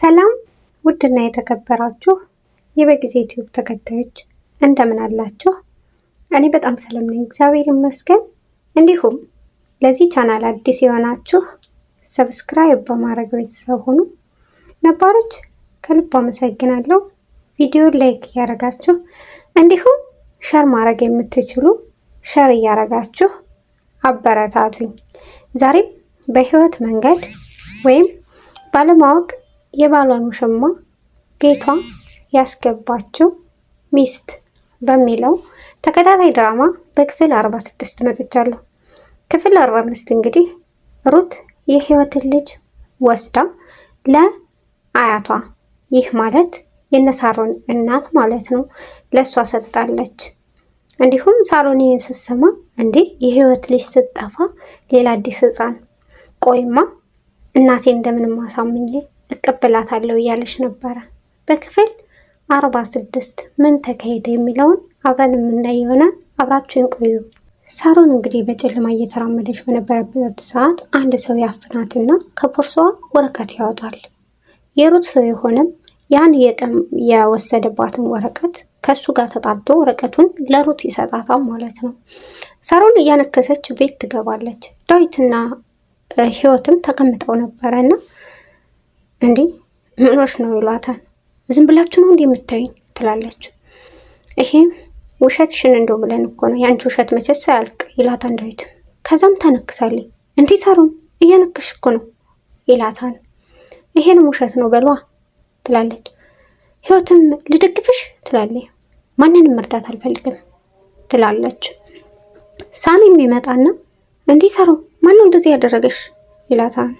ሰላም ውድና የተከበራችሁ የበጊዜ ዩቲዩብ ተከታዮች እንደምን አላችሁ? እኔ በጣም ሰላም ነኝ፣ እግዚአብሔር ይመስገን። እንዲሁም ለዚህ ቻናል አዲስ የሆናችሁ ሰብስክራይብ በማድረግ ቤተሰብ ሁኑ። ነባሮች ከልብ አመሰግናለሁ። ቪዲዮ ላይክ እያደረጋችሁ እንዲሁም ሸር ማድረግ የምትችሉ ሸር እያደረጋችሁ አበረታቱኝ። ዛሬም በህይወት መንገድ ወይም ባለማወቅ የባሏን ሙሽማ ቤቷ ያስገባችው ሚስት በሚለው ተከታታይ ድራማ በክፍል 46 መጥቻለሁ። ክፍል 45 እንግዲህ ሩት የህይወትን ልጅ ወስዳ ለአያቷ ይህ ማለት የነሳሮን እናት ማለት ነው፣ ለእሷ ሰጣለች። እንዲሁም ሳሮን ይህን ስትሰማ እንዴ የህይወት ልጅ ስትጠፋ ሌላ አዲስ ህፃን ቆይማ እናቴ እንደምንም አሳምኜ እቀበላታለሁ እያለች ነበረ። በክፍል አርባ ስድስት ምን ተካሄደ የሚለውን አብረን የምናይ ይሆናል። አብራችሁን ቆዩ። ሳሮን እንግዲህ በጨለማ እየተራመደች በነበረበት ሰዓት አንድ ሰው ያፍናትና ከቦርሳዋ ወረቀት ያወጣል። የሩት ሰው የሆነም ያን የቀም የወሰደባትን ወረቀት ከሱ ጋር ተጣልቶ ወረቀቱን ለሩት ይሰጣታል ማለት ነው። ሳሮን እያነከሰች ቤት ትገባለች። ዳዊትና ህይወትም ተቀምጠው ነበረ እና እንዲህ ምኖች ነው ይሏታል። ዝም ብላችሁ ነው እንዲህ የምታዩኝ ትላለች። ይሄ ውሸትሽን እንደው ብለን እኮ ነው የአንቺ ውሸት መቼስ አያልቅ ይላታል ዳዊት። ከዛም ታነክሳለች። እንዴ ሳሩን እያነክሽ እኮ ነው ይላታል። ይሄንም ውሸት ነው በሏ ትላለች። ህይወትም ልደግፍሽ ትላለች። ማንንም መርዳት አልፈልግም ትላለች። ሳሚም ይመጣና እንዴ ሰሩ ማነው እንደዚህ ያደረገሽ ይላታል።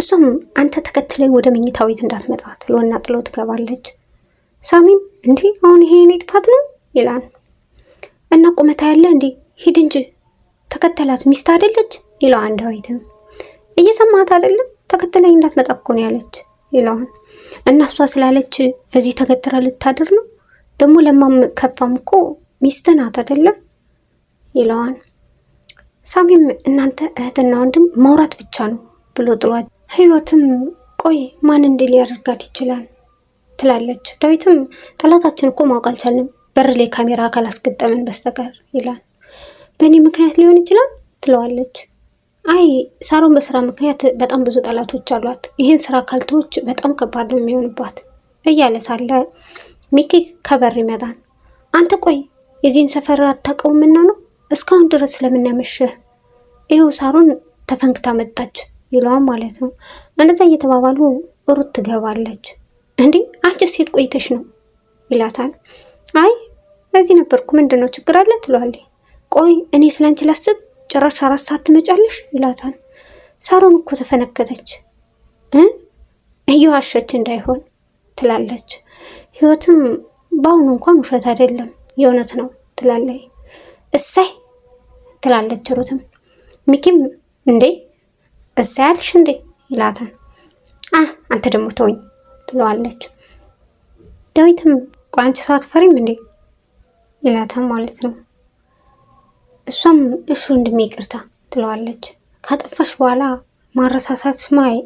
እሷም አንተ ተከትለኝ ወደ መኝታ ቤት እንዳትመጣ ትሎና ጥሎ ትገባለች። ሳሚም እንዲህ አሁን ይሄ የኔ ጥፋት ነው ይላል እና ቁመታ ያለ እንዲህ ሂድ እንጂ ተከተላት ሚስት አይደለች ይለው አንዳዊትም እየሰማት አይደለም ተከተለኝ እንዳትመጣ እኮ ነው ያለች ይለዋል እና እሷ ስላለች እዚህ ተገትራ ልታድር ነው ደግሞ ለማም ከፋም እኮ ሚስት ናት አይደለም ይለዋል። ሳሚም እናንተ እህትና ወንድም ማውራት ብቻ ነው ብሎ ጥሏል። ህይወትም ቆይ ማን እንዲህ ሊያደርጋት ይችላል ትላለች። ዳዊትም ጠላታችን እኮ ማወቅ አልቻልንም በር ላይ ካሜራ ካላስገጠምን በስተቀር ይላል። በእኔ ምክንያት ሊሆን ይችላል ትለዋለች። አይ ሳሮን በስራ ምክንያት በጣም ብዙ ጠላቶች አሏት፣ ይህን ስራ ካልተዎች በጣም ከባድ ነው የሚሆንባት እያለ ሳለ ሚኪ ከበር ይመጣል። አንተ ቆይ የዚህን ሰፈር አታውቀውምና ነው እስካሁን ድረስ ስለምናመሸህ? ይኸው ሳሮን ተፈንክታ መጣች ይለዋል ማለት ነው። እንደዛ እየተባባሉ ሩት ትገባለች። እንዴ አንቺ ሴት ቆይተሽ ነው ይላታል። አይ እዚህ ነበርኩ፣ ምንድን ነው ችግር አለ ትለዋለች። ቆይ እኔ ስለአንቺ ላስብ፣ ጭራሽ አራት ሰዓት ትመጫለሽ ይላታል። ሳሮን እኮ ተፈነከተች። እየዋሸች እንዳይሆን ትላለች። ህይወትም በአሁኑ እንኳን ውሸት አይደለም የእውነት ነው ትላለች። እሳይ ትላለች ሩትም ሚኪም እንዴ በዛ ያልሽ እንዴ ይላታል። አንተ ደግሞ ተወኝ ትለዋለች። ዳዊትም ቆይ አንቺ ሰው አትፈሪም እንዴ ይላታል ማለት ነው። እሷም እሱ ወንድሜ ይቅርታ ትለዋለች። ካጠፋሽ በኋላ ማረሳሳት ማይ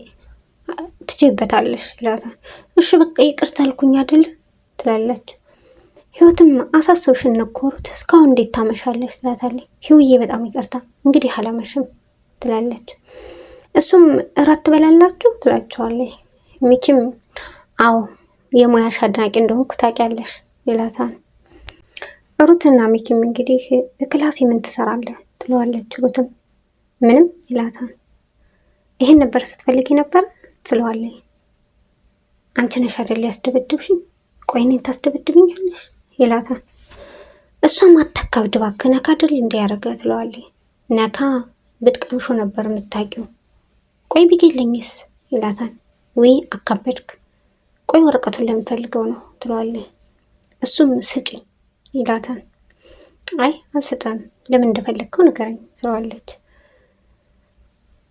ትቼበታለሽ ይላታል። እሺ በቃ ይቅርታ አልኩኝ አይደል ትላለች። ህይወትም አሳሰብሽን እነኮሩት እስካሁን እንዴት ታመሻለች ትላታለች። ህይውዬ በጣም ይቅርታ እንግዲህ አላመሽም ትላለች። እሱም እራት ትበላላችሁ ትላቸዋለች። ሚኪም አዎ የሙያሽ አድናቂ እንደሆንኩ ታውቂያለሽ ይላታል። ሩትና ሚኪም እንግዲህ ክላሴ ምን ትሰራለህ ትለዋለች። ሩትም ምንም ይላታል። ይሄን ነበር ስትፈልጊ ነበር ትለዋለች። አንቺ ነሽ አይደል ያስደበድብሽኝ? ቆይ እኔን ታስደበድብኛለሽ ይላታል። እሷም አታካብድ እባክህ ነካ አይደል እንዲያደርገ ትለዋለች። ነካ ብትቀምሾ ነበር የምታውቂው ቆይ ቢገለኝስ ይላታል። ወይ አካበድክ፣ ቆይ ወረቀቱን ለምፈልገው ነው ትለዋለህ። እሱም ስጭኝ ይላታል። አይ አልሰጠም፣ ለምን እንደፈለግከው ንገረኝ ትለዋለች።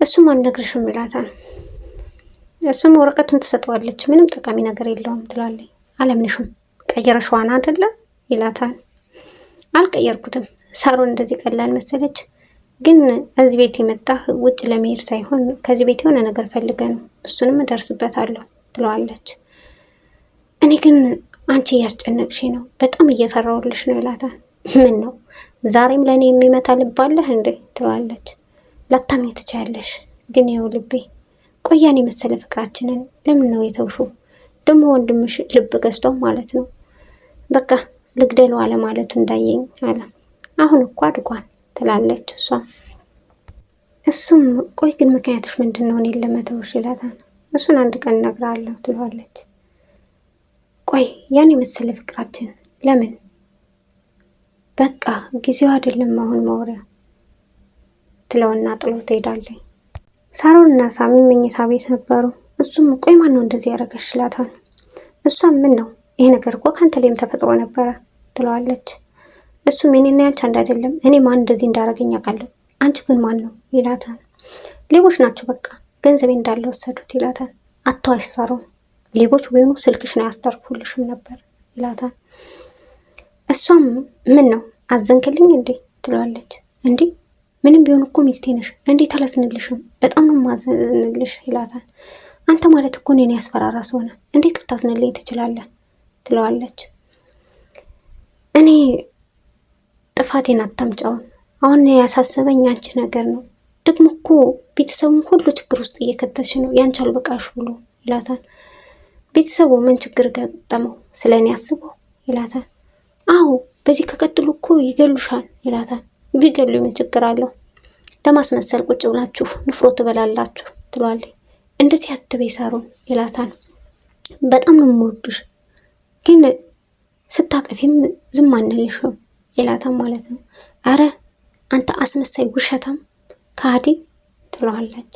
እሱም አልነግርሽም ይላታል። እሱም ወረቀቱን ትሰጠዋለች። ምንም ጠቃሚ ነገር የለውም ትላለች። አለምንሽም ቀየረሽዋና አደለ ይላታል። አልቀየርኩትም፣ ሳሮን እንደዚህ ቀላል መሰለች ግን እዚህ ቤት የመጣህ ውጭ ለመሄድ ሳይሆን ከዚህ ቤት የሆነ ነገር ፈልገ ነው፣ እሱንም እደርስበታለሁ ትለዋለች። እኔ ግን አንቺ እያስጨነቅሽ ነው፣ በጣም እየፈራሁልሽ ነው ይላታል። ምን ነው ዛሬም ለእኔ የሚመታ ልባለህ እንዴ ትለዋለች። ላታምኝ ትችያለሽ፣ ግን ያው ልቤ ቆያን የመሰለ ፍቅራችንን ለምን ነው የተውሹ? ደግሞ ወንድምሽ ልብ ገዝቶ ማለት ነው። በቃ ልግደለዋ አለማለቱ እንዳየኝ አለ። አሁን እኮ አድጓል ትላለች እሷም። እሱም ቆይ ግን ምክንያቶች ምንድን ነው እኔን ለመተውሽ ይላታል። እሱን አንድ ቀን እነግርሃለሁ ትለዋለች። ቆይ ያን የመሰለ ፍቅራችን ለምን በቃ ጊዜው አይደለም አሁን ማውሪያ ትለውና ጥሎ ትሄዳለች። ሳሮን ና ሳሚ መኝታ ቤት ነበሩ። እሱም ቆይ ማን ነው እንደዚህ ያደረገሽ ይላታል። እሷም ምን ነው ይሄ ነገር እኮ ከአንተ ላይም ተፈጥሮ ነበረ ትለዋለች። እሱም የኔና ያንቺ አንድ አይደለም፣ እኔ ማን እንደዚህ እንዳደረገኝ አውቃለሁ፣ አንቺ ግን ማን ነው ይላታል። ሌቦች ናቸው በቃ ገንዘቤ እንዳለ ወሰዱት ይላታል። አቶ አይሰሩም ሌቦች ወይኑ ስልክሽን ያስተርፉልሽም ነበር ይላታል። እሷም ምን ነው አዘንክልኝ እንዴ ትለዋለች። እንዴ ምንም ቢሆን እኮ ሚስቴ ነሽ፣ እንዴት አላዝንልሽም? በጣም ነው ማዝንልሽ ይላታል። አንተ ማለት እኮ እኔን ያስፈራራ ሰው ነህ፣ እንዴት ልታዝንልኝ ትችላለህ? ትለዋለች። እኔ ጥፋቴን አታምጫውን። አሁን ያሳሰበኝ አንቺ ነገር ነው። ደግሞ እኮ ቤተሰቡን ሁሉ ችግር ውስጥ እየከተሽ ነው ያንቺ አልበቃሽ ብሎ ይላታል። ቤተሰቡ ምን ችግር ገጠመው ስለ እኔ አስቦ ይላታል። አዎ በዚህ ከቀጥሉ እኮ ይገሉሻል ይላታል። ቢገሉ ምን ችግር አለው? ለማስመሰል ቁጭ ብላችሁ ንፍሮ ትበላላችሁ ትሏለች። እንደዚህ አትበይ ሳሮን ይላታል። በጣም ነው የምወዱሽ ግን ስታጠፊም ዝም አንልሽም ይላታም ማለት ነው። አረ አንተ አስመሳይ ውሸታም ካህዲ ትለዋለች።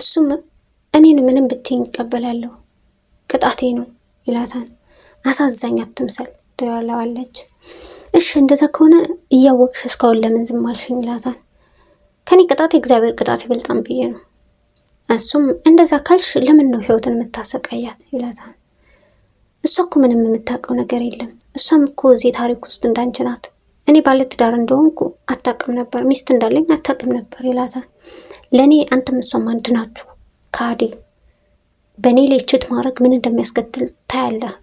እሱም እኔን ምንም ብትኝ ይቀበላለሁ ቅጣቴ ነው ይላታን። አሳዛኝ አትምሰል ትለዋለች። እሺ እንደዛ ከሆነ እያወቅሽ እስካሁን ለምን ዝም አልሽኝ? ከኔ ቅጣት የእግዚአብሔር ቅጣት ይበልጣም ብዬ ነው። እሱም እንደዛ ካልሽ ለምን ነው ህይወትን የምታሰቃያት? ይላታል። እሷ እኮ ምንም የምታውቀው ነገር የለም። እሷም እኮ እዚህ ታሪክ ውስጥ እንዳንቺ ናት። እኔ ባለትዳር እንደሆንኩ አታውቅም ነበር፣ ሚስት እንዳለኝ አታውቅም ነበር ይላታል። ለእኔ አንተም እሷም አንድ ናችሁ ከአዴ በእኔ ላይ ችት ማድረግ ምን እንደሚያስከትል ታያለህ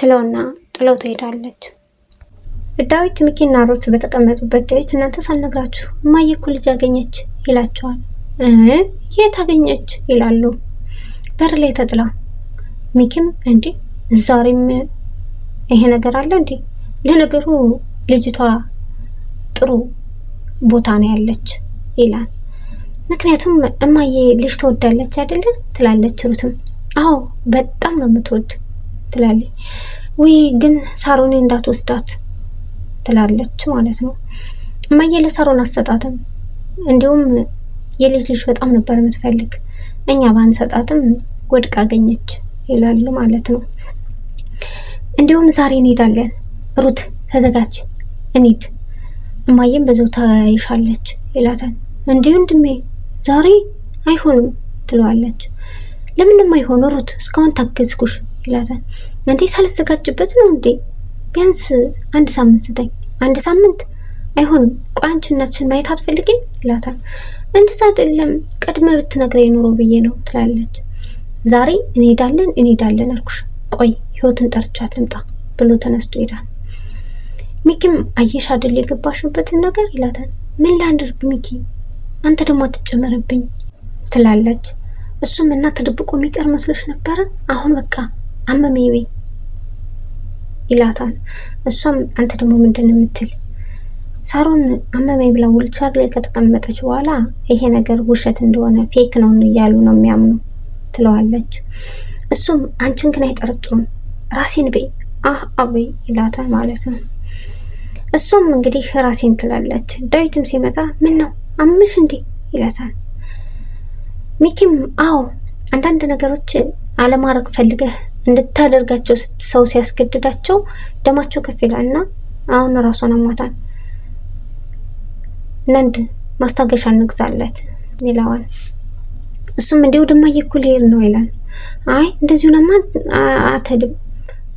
ትለውና ጥለው ትሄዳለች። ዳዊት ሚኪና ሩት በተቀመጡበት ዳዊት እናንተ ሳልነግራችሁ እማዬ እኮ ልጅ ያገኘች ይላቸዋል። የት አገኘች ይላሉ። በር ላይ ተጥላ ሚኪም እንዲ ዛሬም ይሄ ነገር አለ እንዲ። ለነገሩ ልጅቷ ጥሩ ቦታ ነው ያለች ይላል። ምክንያቱም እማዬ ልጅ ትወዳለች አይደለ ትላለች ሩትም። አዎ በጣም ነው የምትወድ ትላለች። ውይ ግን ሳሮኔ እንዳትወስዳት ትላለች ማለት ነው። እማዬ ለሳሮን አትሰጣትም። እንዲሁም የልጅ ልጅ በጣም ነበር የምትፈልግ። እኛ ባንሰጣትም ወድቅ አገኘች ይላሉ ማለት ነው። እንዲሁም ዛሬ እንሄዳለን ሩት ተዘጋጅ እንሂድ፣ እማየም በዛው ታይሻለች ይላታል። እንዲሁ ወንድሜ ዛሬ አይሆንም ትለዋለች። ለምንም አይሆን ሩት እስካሁን ታገዝኩሽ ይላታል። እንዴ ሳልዘጋጅበት ነው እንዴ? ቢያንስ አንድ ሳምንት ስጠኝ። አንድ ሳምንት አይሆንም። ቆይ አንቺ እናትሽን ማየት አትፈልጊም ይላታል። እንደዛ አይደለም ቅድመ ብትነግረኝ ኑሮ ብዬ ነው ትላለች። ዛሬ እንሄዳለን እንሄዳለን አልኩሽ፣ ቆይ ህይወትን ጠርቻት ልምጣ ብሎ ተነስቶ ይሄዳል። ሚኪም አየሽ አይደል የገባሽበትን ነገር ይላታል። ምን ላንድርግ ሚኪ፣ አንተ ደግሞ አትጨመርብኝ ትላለች። እሱም እና ተደብቆ የሚቀር መስሎች ነበረ፣ አሁን በቃ አመመኝ ይላታል። እሷም አንተ ደግሞ ምንድን የምትል ሳሮን አመመኝ ብላ ውልቻር ላይ ከተቀመጠች በኋላ ይሄ ነገር ውሸት እንደሆነ ፌክ ነው እያሉ ነው የሚያምኑ ትለዋለች። እሱም አንቺን ግን አይጠረጥሩም ራሴን በይ አህ አቤ ይላታል ማለት ነው። እሷም እንግዲህ ራሴን ትላለች። ዳዊትም ሲመጣ ምን ነው አምሽ እንዴ ይላታል። ሚኪም አዎ አንዳንድ ነገሮች አለማድረግ ፈልገህ እንድታደርጋቸው ሰው ሲያስገድዳቸው ደማቸው ከፍ ይላል እና አሁን ራሷን አሟታል ነንድ ማስታገሻ እንግዛለት ይለዋል። እሱም እንዴ ወደማ እኮ ልሄድ ነው ይላል። አይ እንደዚሁ ለማ አትሄድም፣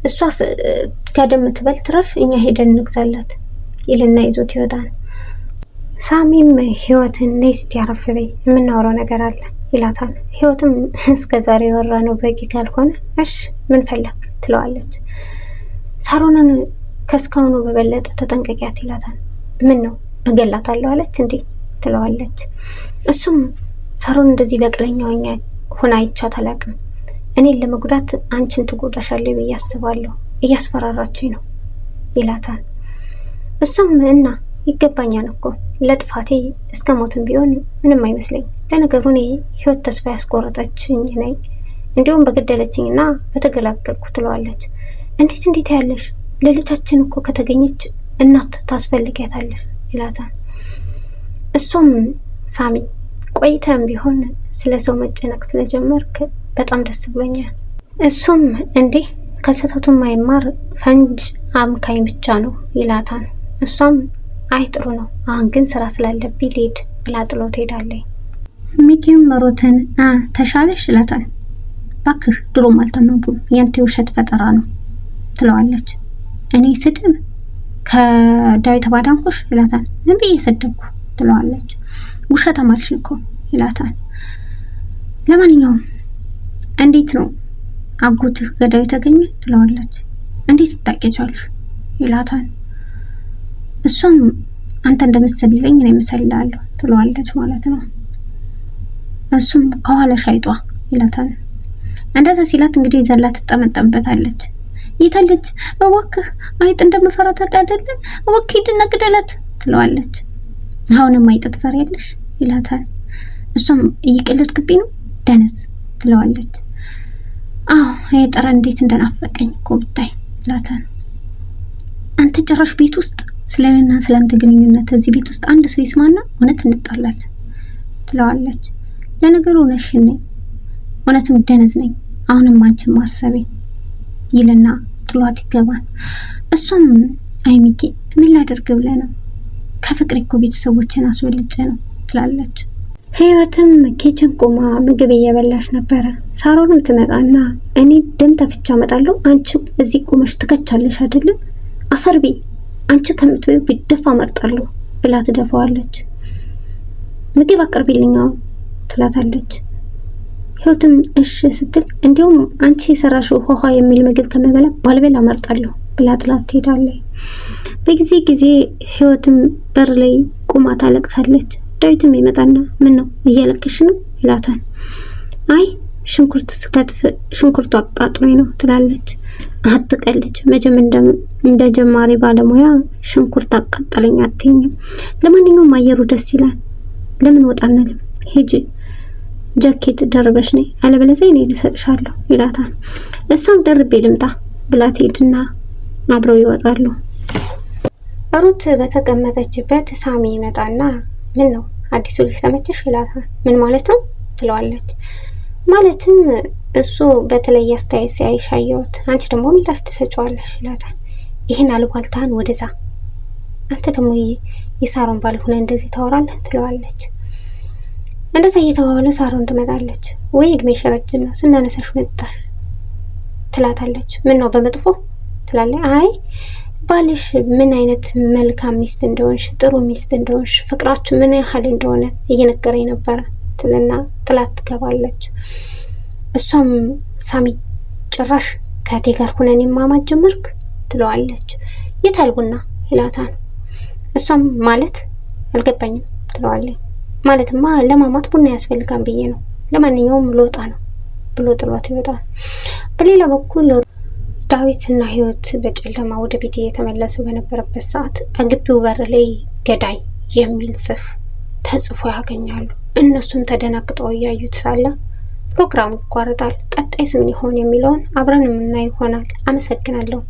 እሷ ጋደም ትበል ትረፍ፣ እኛ ሄደን እንግዛላት ይልና ይዞት ይወጣል። ሳሚም ህይወትን ነይ እስቲ አረፍ በይ የምናወራው ነገር አለ ይላታል። ህይወትም እስከ ዛሬ የወራ ነው በቂ ካልሆነ እሽ ምን ፈለግ ትለዋለች። ሳሮንን ከእስካሁኑ በበለጠ ተጠንቀቂያት ይላታል። ምን ነው እገላታለሁ አለች እንዴ ትለዋለች። እሱም ሳሮን እንደዚህ በቀለኛ ሁና አይቻት አላውቅም። እኔን ለመጉዳት አንቺን ትጎዳሻለሁ ብዬ አስባለሁ፣ እያስፈራራችኝ ነው ይላታል። እሱም እና ይገባኛል እኮ ለጥፋቴ እስከ ሞትም ቢሆን ምንም አይመስለኝ። ለነገሩ እኔ ህይወት ተስፋ ያስቆረጠችኝ ነኝ፣ እንዲሁም በገደለችኝና በተገላገልኩ ትለዋለች። እንዴት እንዴት ያለሽ ለልጃችን እኮ ከተገኘች እናት ታስፈልጊያታለሽ ይላታል። እሱም ሳሚ ቆይተም ቢሆን ስለ ሰው መጨነቅ ስለጀመርክ በጣም ደስ ብሎኛል። እሱም እንዲህ ከስህተቱ ማይማር ፈንጅ አምካኝ ብቻ ነው ይላታል። እሷም አይ ጥሩ ነው፣ አሁን ግን ስራ ስላለብኝ ልሄድ ብላ ጥሎ ትሄዳለች። ሚኪም መሮትን ተሻለሽ ይላታል። ባክህ ድሮም አልታመንኩም፣ ያንተ ውሸት ፈጠራ ነው ትለዋለች። እኔ ስድብ ከዳዊት ተባዳንኩሽ ይላታል። ምን ብዬ ሰደብኩ ትለዋለች። ውሸታም አልሽኝ እኮ ይላታል። ለማንኛውም እንዴት ነው አጎትህ ገዳዩ ተገኘ ትለዋለች። እንዴት ትታቂቻለሽ ይላታል። እሷም አንተ እንደምትሰልለኝ እኔ የምሰልላለሁ ትለዋለች ማለት ነው። እሱም ከኋላ ሻይጧ ይላታል። እንደዛ ሲላት እንግዲህ ዘላ ትጠመጠምበታለች። ይታለች እባክህ አይጥ እንደምፈራ ታውቃለህ? እባክህ ሂድና ግደላት ትለዋለች። አሁንም አይጥጥ ፈሪያለሽ ይላታል። እሷም ግቢ ነው ደነስ ትለዋለች። አዎ የጠረ ጠረን እንዴት እንደናፈቀኝ እኮ ብታይ ይላታል። አንተ ጭራሽ ቤት ውስጥ ስለኔና ስለአንተ ግንኙነት እዚህ ቤት ውስጥ አንድ ሰው ይስማና እውነት እንጣላለን ትለዋለች። ለነገሩ እውነትሽን ነኝ፣ እውነትም ደነዝ ነኝ፣ አሁንም አንቺን ማሰቤ ይልና ጥሏት ይገባል። እሷም አይ ምን ላደርግ ብለህ ነው ከፍቅር እኮ ቤተሰቦችን አስወልጬ ነው ትላለች። ህይወትም ኬችን ቆማ ምግብ እየበላች ነበረ። ሳሮንም ትመጣና እኔ ደም ተፍቻ እመጣለሁ፣ አንቺ እዚህ ቆመሽ ትከቻለሽ አይደለም አፈር ቤ አንቺ ከምትበይው ቢደፋ መርጣለሁ ብላ ትደፋዋለች። ምግብ አቅርቢልኛው ትላታለች። ህይወትም እሽ ስትል እንዲሁም አንቺ የሰራሽ ውሃ የሚል ምግብ ከመበላ ባልበላ መርጣለሁ። ብላ ጥላት ትሄዳለች። በጊዜ ጊዜ ህይወትም በር ላይ ቁማ ታለቅሳለች። ዳዊትም ይመጣና ምን ነው እያለቅሽ ነው ይላታል። አይ ሽንኩርት ስተትፍ ሽንኩርቱ አቃጥሎኝ ነው ትላለች። አትቀልጅ መቼም እንደ ጀማሪ ባለሙያ ሽንኩርት አቃጠለኝ አትኝም። ለማንኛውም አየሩ ደስ ይላል። ለምን ወጣ አንልም? ሂጂ ጃኬት ደርበሽ ነይ፣ አለበለዚያ እኔ ልሰጥሻለሁ ይላታል። እሷም ደርቤ ልምጣ ብላ አብረው ይወጣሉ። ሩት በተቀመጠችበት ሳሚ ይመጣና ምን ነው አዲሱ ልጅ ተመቸሽ ይላታል። ምን ማለት ነው ትለዋለች። ማለትም እሱ በተለየ አስተያየት ሲያይሽ አየሁት፣ አንቺ ደግሞ ምላሽ ትሰጪዋለሽ ይላታል። ይህን አልባልታህን ወደዛ፣ አንተ ደግሞ የሳሮን ባልሆነ እንደዚህ ታወራለህ ትለዋለች። እንደዛ እየተባባሉ ሳሮን ትመጣለች። ወይ እድሜሽ ረጅም ነው ስናነሳሽ መጣሽ ትላታለች። ምን ነው በመጥፎ ትላለች። አይ ባልሽ ምን አይነት መልካም ሚስት እንደሆንሽ፣ ጥሩ ሚስት እንደሆንሽ፣ ፍቅራችሁ ምን ያህል እንደሆነ እየነገረኝ ነበረ ትልና ጥላት ትገባለች። እሷም ሳሚ ጭራሽ ከእቴ ጋር ሁነን የማማት ጀመርክ ትለዋለች። የት ቡና ይላታል። እሷም ማለት አልገባኝም ትለዋለች። ማለትማ ለማማት ቡና ያስፈልጋን ብዬ ነው። ለማንኛውም ልወጣ ነው ብሎ ጥሏት ይወጣል። በሌላ በኩል ዳዊትና ህይወት በጨለማ ወደ ቤት እየተመለሱ በነበረበት ሰዓት ግቢው በር ላይ ገዳይ የሚል ጽፍ ተጽፎ ያገኛሉ። እነሱም ተደናግጠው እያዩት ሳለ ፕሮግራሙ ይቋረጣል። ቀጣይስ ምን ይሆን የሚለውን አብረን የምናይ ይሆናል። አመሰግናለሁ።